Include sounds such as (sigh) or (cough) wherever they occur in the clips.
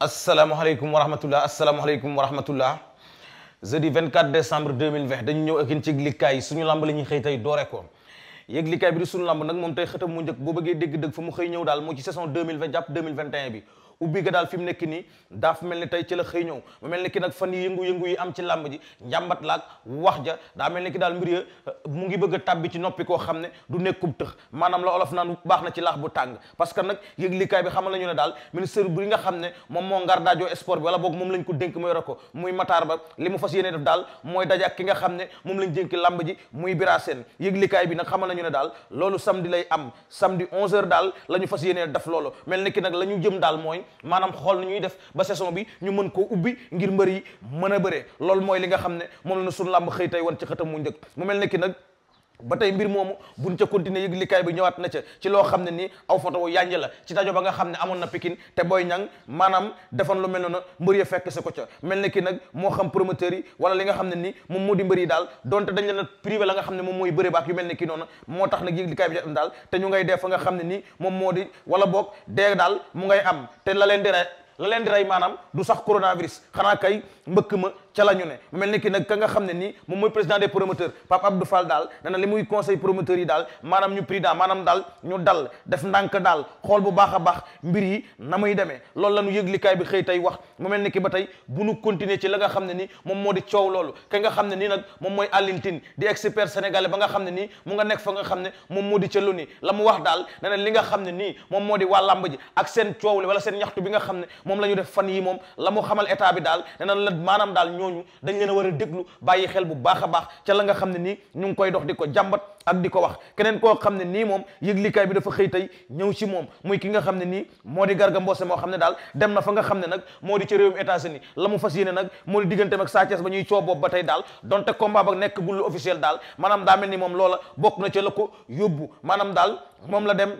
asalaamaaleykum wa rahmatulah asalaamaaleykum wa rahmatulah jeudi 24 décembre 2020 dañu ñëw ak yéen ci yëglikaay suñu lamb la xëy tey doore ko yëglikaay bi di suñu lamb nag moom tey xëtam mu njëkk boo bëggee dégg-dëgg fa mu xëy ñëw daal moo ci saison 2020 jàpp 2021 bi. ubbi ga daal fi mu nekk nii daaf mel ni tey ci la xëy ñëw mu mel ni ki nag fan yi yëngu-yëngu yi am ci làmb ji njàmbat laak wax ja daa mel ni ki daal mbir ya euh, mu ngi bëgg a ci noppi koo xam ne du nekkum tëx maanaam la olof naan baax na ci laax bu tàng parce que nag yëglikaay bi xamal nañu ne daal ministre bi nga xam ne moom moo ngar daajoo sport bi moom lañ ko dénk mooy rek ko muy li mu fas yéene def mooy daje ak ki nga xam ne moom lañ dénk làmb ji muy biraaseen yëglikaay bi nag xamal nañu ne daal loolu samedi lay am samedi 11 heures daal la fas yéene def loolu mel ni ki nag la ñu jëm daal mooy maanaam xool na ñuy def ba saison bi ñu mën koo ubbi ngir mbër yi mën a bëre loolu mooy li nga xam ne moom la na sunu làmb xëy tey wan ci xëtam mu njëkk mu mel ne ki nag ba tey mbir moomu buñ ca continuer yëg likaay bi ñëwaat na ca ci loo xam ne ni aw photo yanj la ci dajo ba nga xam ne amoon na Pikine te Boy Niang maanaam defan lu mel noonu mbër ya fekk sa ko ca mel ne ki nag moo xam promoteur yi wala li nga xam ne nii moom moo di mbër yi daal donte dañ leen a privé la nga xam ne moom mooy bëre baak mel ne ki noonu moo tax nag yëg likaay bi te ñu ngay def fa nga xam ne nii moom moo di wala boog dee daal mu ngay am te la leen di rey la leen maanaam du sax coronavirus xanaa kay mbëkk ma ca la ñu ne mel ni ki nag ka nga xam ne nii moom mooy président des promoteurs Pape Abdou Fall daal dana li muy conseil promoteurs yi daal maanaam ñu prudent maanaam daal ñu dal def ndànk daal xool bu baax a baax mbir yi na muy demee loolu la nu yëglikaay bi xëy tey wax mu mel ni ki ba tey bu nu continuer ci la nga xam ne ni moom moo di coow loolu ka nga xam ne nii nag moom mooy Alioune Tine di expert sénégalais ba nga xam ne nii mu nga nekk fa nga xam ne moom moo di ca lu ni la mu wax daal ne li nga xam ne nii moom moo di waa làmb ak seen coow li wala seen ñaxtu bi nga xam ne moom la ñu def fan yi moom la mu xamal état bi daal ñooñu dañ leen a war a déglu bàyyi xel bu baax a baax ca la nga xam ne nii ñu ngi koy dox di ko jàmbat ak di ko wax keneen koo xam ne nii moom yëglikaay bi dafa tey ñëw ci moom muy ki nga xam ne nii moo di Garga Mbossé moo xam ne daal dem na fa nga xam ne nag moo di ci réewum États-Unis la mu fas yéene nag moo di digganteem ak Sa Thiès ba ñuy coow ba tey daal donte combat ba nekk gul officiel daal maanaam daa mel ni moom loola bokk na ca la ko yóbbu maanaam daal moom la dem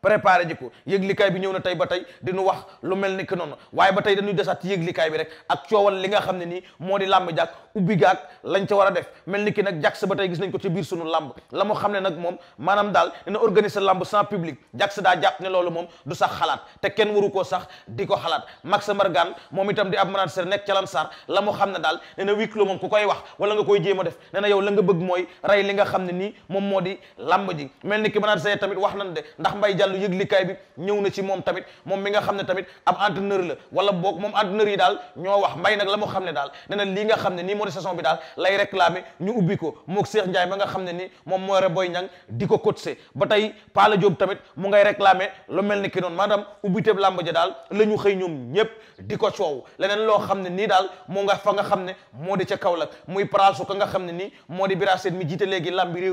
préparé ji ko yëglikaay bi ñëw na tey ba tey diñu wax lu mel ni ki noonu waaye ba tey dañuy desaat ci yëglikaay bi rek ak coowal li nga xam ne nii moo di làmb jaag ubbi gaag lañ ca war a def mel ni ki nag jax ba tey gis nañ ko ci biir sunu làmb la mu xam ne nag moom maanaam daal dina organiser làmb sans public jax daa jàpp ne loolu moom du sax kenn waru koo sax di ko xalaat Max Margan moom itam di ab manager nekk ca Lansar la mu xam ne daal ne na huis clos moom koy wax wala nga koy jéem a def ne na yow la nga bëgg mooy rey li nga xam ne nii moom moo di làmb ji mel ni ki manager tamit wax nañ de ndax mbay Abdoulaye Diallo yëglikaay bi ñëw na ci moom tamit moom mi nga xam ne tamit ab entraîneur la wala boog moom entraîneur yi daal ñoo wax mbay nag la mu xam ne daal ne na lii nga xam ne nii moo di saison bi daal lay réclamer ñu ubbi ko ma nga xam ne ni moom mooy re Boy Niang di ko coacher ba tey Pala Diop tamit mu ngay réclamer lu mel ni ki noonu maanaam ubbiteb làmb ja daal la xëy ñoom ñépp di ko coow leneen loo xam ne nii daal moo nga fa nga xam ne moo di ca Kaolack muy paraasu ka nga xam ne nii moo di Bira Sène mi jiite léegi làmbi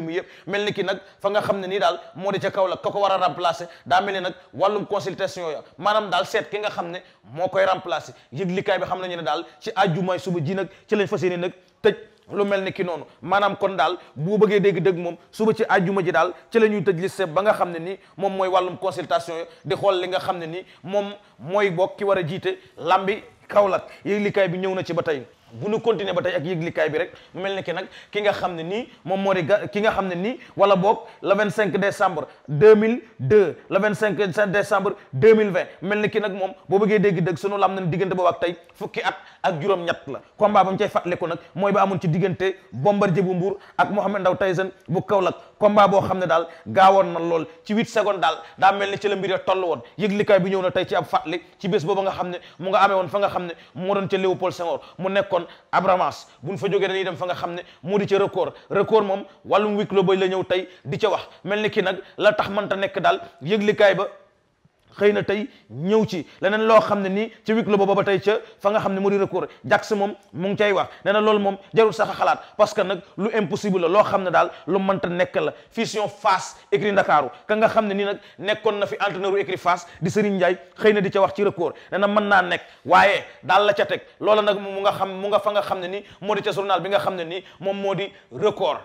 a remplacer daa mel ni nag wàllum consultation ya maanaam daal seet ki nga xam ne moo koy remplacer yëglikaay bi xam nañu ne daal ci àjjuma suba ji nag ci lañ fa yéene nag tëj lu mel ni ki noonu maanaam kon daal boo bëggee dégg dëgg moom suba ci àjjuma ji daal ci la ñuy tëj liste ba nga xam ne ni moom mooy wàllum consultation yo di xool li nga xam ne nii moom mooy bokk ki war a jiite lambi Kaolack yëglikaay bi ñëw na ci ba tey bu nu continuer ba tey ak yëglikaay bi rek mel ni ki nag ki nga xam ne nii moom moo di ki nga xam ne nii wala boog le vingt cinq décembre deux mille deux le vingt cinq décembre deux mille vingt mel ni ki nag moom boo bëggee dégg dëgg sunu lam nañ diggante boobu ak tey fukki ak juróom-ñett la combat ba mu cay fàttaliku nag mooy ba amoon ci diggante Bombardier bu Mbour ak Mohamed Ndao Tyson bu Kaolack combat boo xam ne daal gaawoon na lool ci huit secondes daal daa mel ni ci mbir ya toll woon yëglikaay bi ñëw na tey ci ab fàttali xam ne mu nga amee woon fa nga xam ne moo doon ca Léopold Senghor mu nekkoon Abramas buñ fa jógee dañuy dem fa nga xam ne moo di ca record record moom wàllum wiklo bay la ñëw tey di ca wax mel ni ki nag la tax mënta nekk daal yëglikaay ba xëy na tey ñëw ci leneen loo xam ne nii ci wik la booba ba tey ca fa nga xam ne mu di recours jàk si moom mu ngi cay wax nee na loolu moom jarul sax a xalaat parce que nag lu impossible la loo xam ne daal lu mënta nekk la fusion fas écurie Ndakaaru ka nga xam ne nii nag nekkoon na fi entraîneur u écurie Fass di Serigne Ndiaye xëy na di ca wax ci recours nee na mën naa nekk waaye daal la ca teg loola nag mu nga xam mu nga fa nga xam ne nii moo di ca journal bi nga xam ne nii moom moo di record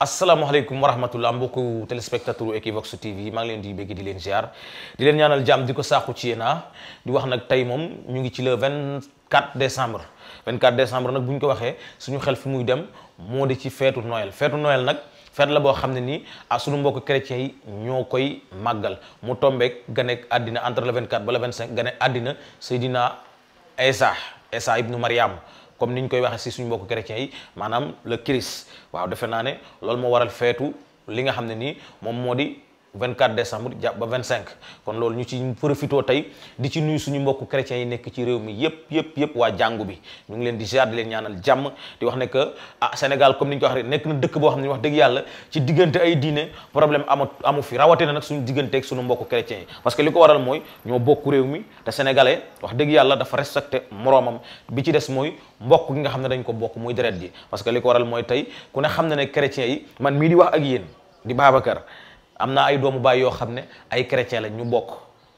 asalaamaaleykum wa rahmatullah mbokku téléspectateur Equivox TV maa ngi leen di bëgg di leen ziar di leen ñaanal jàmm di ko saaxu ci yéen ah. di wax nag tey moom ñu ngi ci le 24 décembre 24 décembre nag bu ñu ko waxee suñu xel fi muy dem moo di ci feetu Noël feetu Noël nag feet la boo xam ne nii ah suñu mbokk kere yi ñoo koy màggal mu tombeek ganeek àddina entre le 24 ba le 25 ganeek àddina Seydina Isa Isa ibnu Mariam comme ni ñu koy waxee si suñu mbokk chrétiens yi maanaam le Christ waaw defe naa ne loolu moo waral feetu li nga xam ne nii moom moo di 24 décembre jàpp ba 25 kon loolu ñu ci profité tey di ci nuyu suñu mbokku chrétiens yi nekk ci réew mi yépp yépp yépp waa jàngu bi ñu ngi leen di ziar di leen ñaanal jàmm di wax ne que ah Sénégal comme ni ñu ko waxee nekk na dëkk boo xam ne wax dëgg yàlla ci diggante ay diine problème amu amu fi rawatina nag suñu diggante suñu mbokk chrétiens yi parce que li ko waral mooy ñoo bokk réew mi te sénégalais wax dëgg yàlla dafa respecté moroomam bi ci des mooy mbokk gi nga xam ne dañ ko bokk muy deret ji parce que li ko waral mooy tey ku ne xam ne ne chrétiens man mii di wax ak yéen di Babacar am naa ay doomu baay yoo xam ne ay chrétien lañ ñu bokk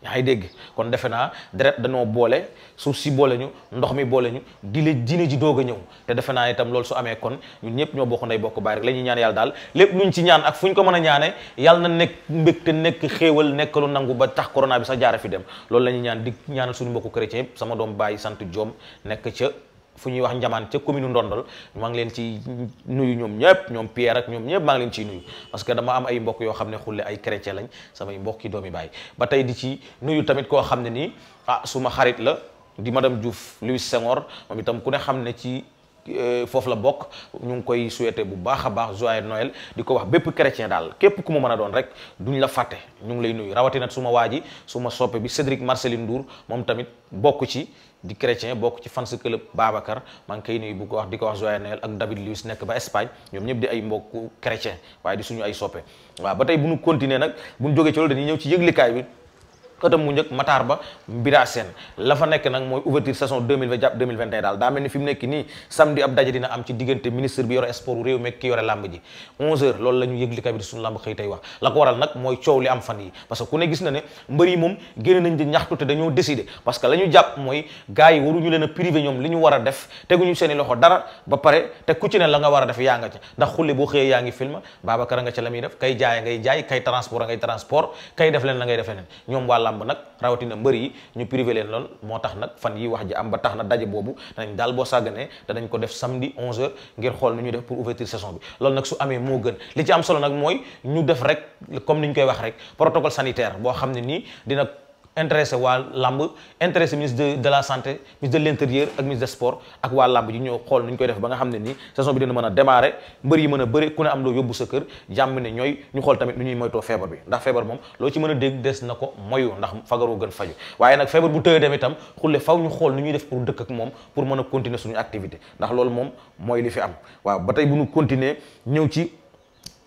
yaa ngi dégg kon defe naa deret dañoo boole suuf si boole ñu ndox mi boole ñu di le diine ji doog a ñëw te defe naa itam lool su amee kon ñun ñëpp ñoo bokk nday bokk baay rek la ñuy ñaan yàlla daal lépp luñ ci ñaan ak fu ñu ko mën a ñaane yàlla na nekk mbégte nekk xéewal nekk lu nangu ba tax corona bi sa jaara fi dem loolu la ñaan di ñaanal suñu mbokku chrétien yëpp sama doom bàyyi sant joom nekk ca fu ñuy wax njamaan ca commune Ndondol maa leen ci nuyu ñoom ñëpp ñoom Pierre ak ñoom ñëpp maa ngi leen ciy nuyu parce que dama am ay mbokk yoo xam ne xulle ay chrétien lañ samay mbokk doomi baay ba tey di ci nuyu tamit koo xam ne nii ah suma xarit la di madame Diouf Louis Senghor moom itam ku ne xam ne ci Euh, foofu la bokk ñu ngi koy souhaiter bu baax a baax joyeux Noël di ko wax bépp chrétien daal képp ku mu mën a doon rek duñ la fàtte ñu ngi lay nuyu rawatina suma waa suma soppe bi Cédric Marceline Ndour moom tamit bokk ci di chrétien bokk ci fans club Babacar maa ngi koy nuyu bu ko wax di ko wax joyeux Noël ak David Luiz nekk ba Espagne ñoom ñëpp di ay mbokku chrétien waaye di suñu ay soppe waaw ba tey bu ñu continuer nag bu ñu jógee ci loolu dañuy ñëw ci xëtam mu njëkk Matar Ba Mbira Sène la fa nekk nag mooy ouverture saison 2020 jàpp daal daa mel ni fi nekk nii samedi ab daje dina am ci diggante ministre bi yore sport réew mi ki yore làmb ji 11h loolu la ñu kay bi suñu làmb xëy tey wax la ko waral nag mooy coow li am fan yi parce que ku ne gis na ne mbër yi moom génn nañ di ñaxtu te dañoo décider parce que la jàpp mooy gars yi waruñu leen privé ñoom li ñu war def làmb nag rawatina mbër yi ñu privé leen loon moo tax nag fan yi wax ji am ba tax na daje boobu danañ daal boo sàgganee danañ ko def samedi 11h ngir xool nu ñuy def pour ouverture saison bi loolu nag su amee moo gën li ci am solo nag mooy ñu def rek comme ni ñu koy wax rek protocole sanitaire boo xam ne nii dina intéressé waa làmb intéressé ministre de de la santé ministre de l'intérieur ak ministre des sports ak waa làmb ji ñoo xool nu ñu koy def ba nga xam ne nii saison bi dina mën a démarrer mbër yi mën a bëri ku ne am loo yóbbu sa kër jàmm ne ñooy ñu xool tamit nu ñuy moytoo feebar bi ndax feebar moom loo ci mën a dégg des na ko moyu ndax fagaroo gën faju waaye nag feebar bu tëye dem itam xulle faw ñu xool nu ñuy def pour dëkk ak moom pour mën a continuer suñu activité ndax loolu moom mooy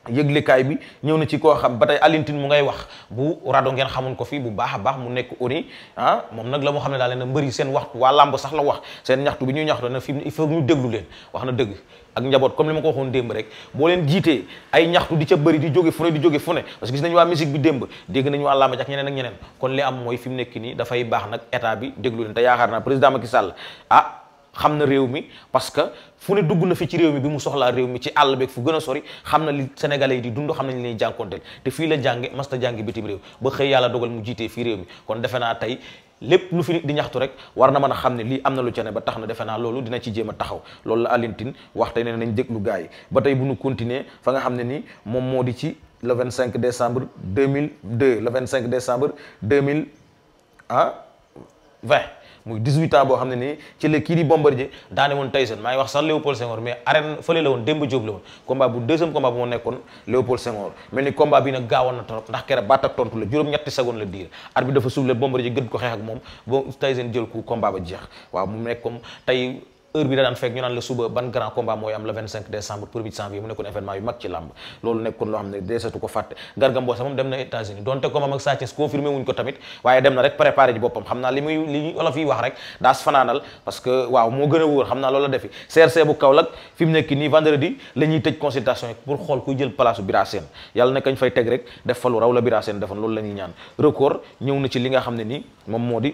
yëglekaay bi ñëw na ci koo xam ba tey Alioune mu ngay wax bu rado ngeen xamun ko fii bu baax a baax mu nekk oni ah moom nag la moo xam ne daal leen mbëri seen waxtu waa làmb sax la wax seen ñaxtu bi ñuy ñaxtu na fi il faut ñu déglu leen wax na dëgg ak njaboot comme li ma ko waxoon démb rek boo leen jiitee ay ñaxtu di ca bëri di jóge fu ne di jóge fu ne parce que gis nañu waa musique bi démb dégg nañu waa làmb ak ñeneen ak ñeneen kon li am mooy fi mu nekk nii dafay baax nag état bi déglu leen te yaakaar naa président Macky Sall ah xam na réew mi parce que fu ne dugg na fi ci réew mi bi mu soxlaa réew mi ci àll beeg fu gën a sori xam na li sénégalais yi di dund xam nañ li ñuy jànkonteel te fii la jànge masta jànge bitim réew ba xëy yàlla dogal mu jiitee fii réew mi kon defe naa tey lépp lu fi nit di ñaxtu rek war na mën a xam ne lii am na lu ca ne ba tax na defe naa loolu dina ci jéem a taxaw loolu la Alioune Tine wax tey ne nañ déglu gars yi ba tey bu ñu continuer fa nga xam ne nii moom moo di ci le 25 décembre 2002 le 25 décembre 2000 ah 20 muy 18 ans boo xam ne nii ci la kii di Bombardier daane woon Tyson maa ngi wax sax Léopold Senghor mais arène fële la woon Demba Diop woon combat bu deuxième combat bu ma nekkoon Léopold Senghor mel ni combat bi nag gaawoon na trop ndax kera baat tontu la juróom-ñetti seconde la diir ar bi dafa soufflé Bombardier gën ko xeex moom ba Tyson jël ko combat ba jeex waaw mu nekk tey heure bi da fekk ñu naan la suba ban grand combat mooy am le 25 décembre pour 8 janvier mu nekkoon événement yu mag ci làmb loolu nekkoon loo xam ne def fa lu raw la Bira defoon loolu la ñaan record ñëw na ci li nga xam ne nii moom moo di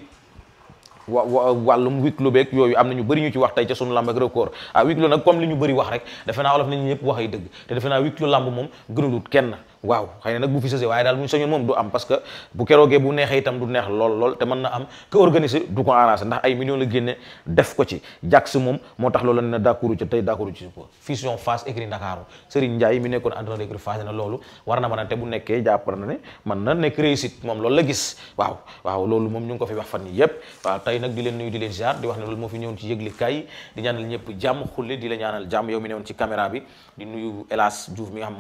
wa wàllum huis clos beeg yooyu am na ñu bëri ñu ci wax tey ca sunu lamb ak ah huis nag comme li ñu bëri wax rek defe naa olof nañu ñëpp wax ay dëgg te defe naa huis clos lamb moom gënalut kenn waaw xëy na nag bu fi sësee waaye daal bu ñu soñoon moom du am parce que bu keroogee bu neexee itam du neex lool lool te mën na am que organiser du ko arrangé ndax ay millions la génne def ko ci jàk si moom moo tax lool la ne d'accord ci tey d'accord ci ko fusion Fass écurie Ndakaaru Serigne Ndiaye mi nekkoon entraîneur écurie Fass na loolu war na mën a te bu nekkee jàpp na ne mën na nekk réussite moom loolu la gis waaw waaw loolu moom ñu ngi ko fi wax fan yi yépp waaw tey nag di leen nuyu di leen ziar di wax ne loolu moo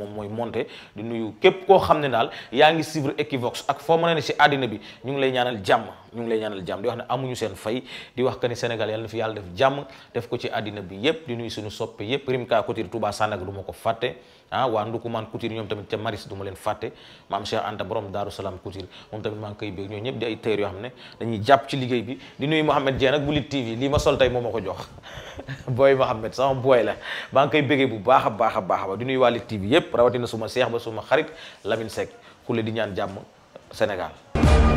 moom mooy monté di nuyu képp koo xam ne daal yaa ngi suivre Equivox ak foo mën ne si àddina bi ñu ngi lay ñaanal jàmm ñu ngi lay ñaanal jàmm di wax ne amuñu seen fay di wax que ni Sénégal yàlla na fi yàlla def jàmm def ko ci àddina bi yépp di nuy suñu soppe yépp Rimka ko Touba Sandaga du ma ko fàtte ah waa Ndukumaan Couture ñoom tamit ca Maris du leen fàtte maam Cheikh Anta borom Daaru Salaam Couture moom tamit maa ngi koy bëgg ñoo ñëpp di ay tëer yoo xam ne dañuy jàpp ci liggéey bi di nuyu Mohamed Dieng ak bu Lutte TV lii ma sol tey moo jox (laughs) booy Mohamed sama booy la maa koy bëggee bu baax a baax a baax ba di nuyu waa Lutte TV yépp rawatina suma seex ba suma xarit Lamine Seck ku le di ñaan jàmm Sénégal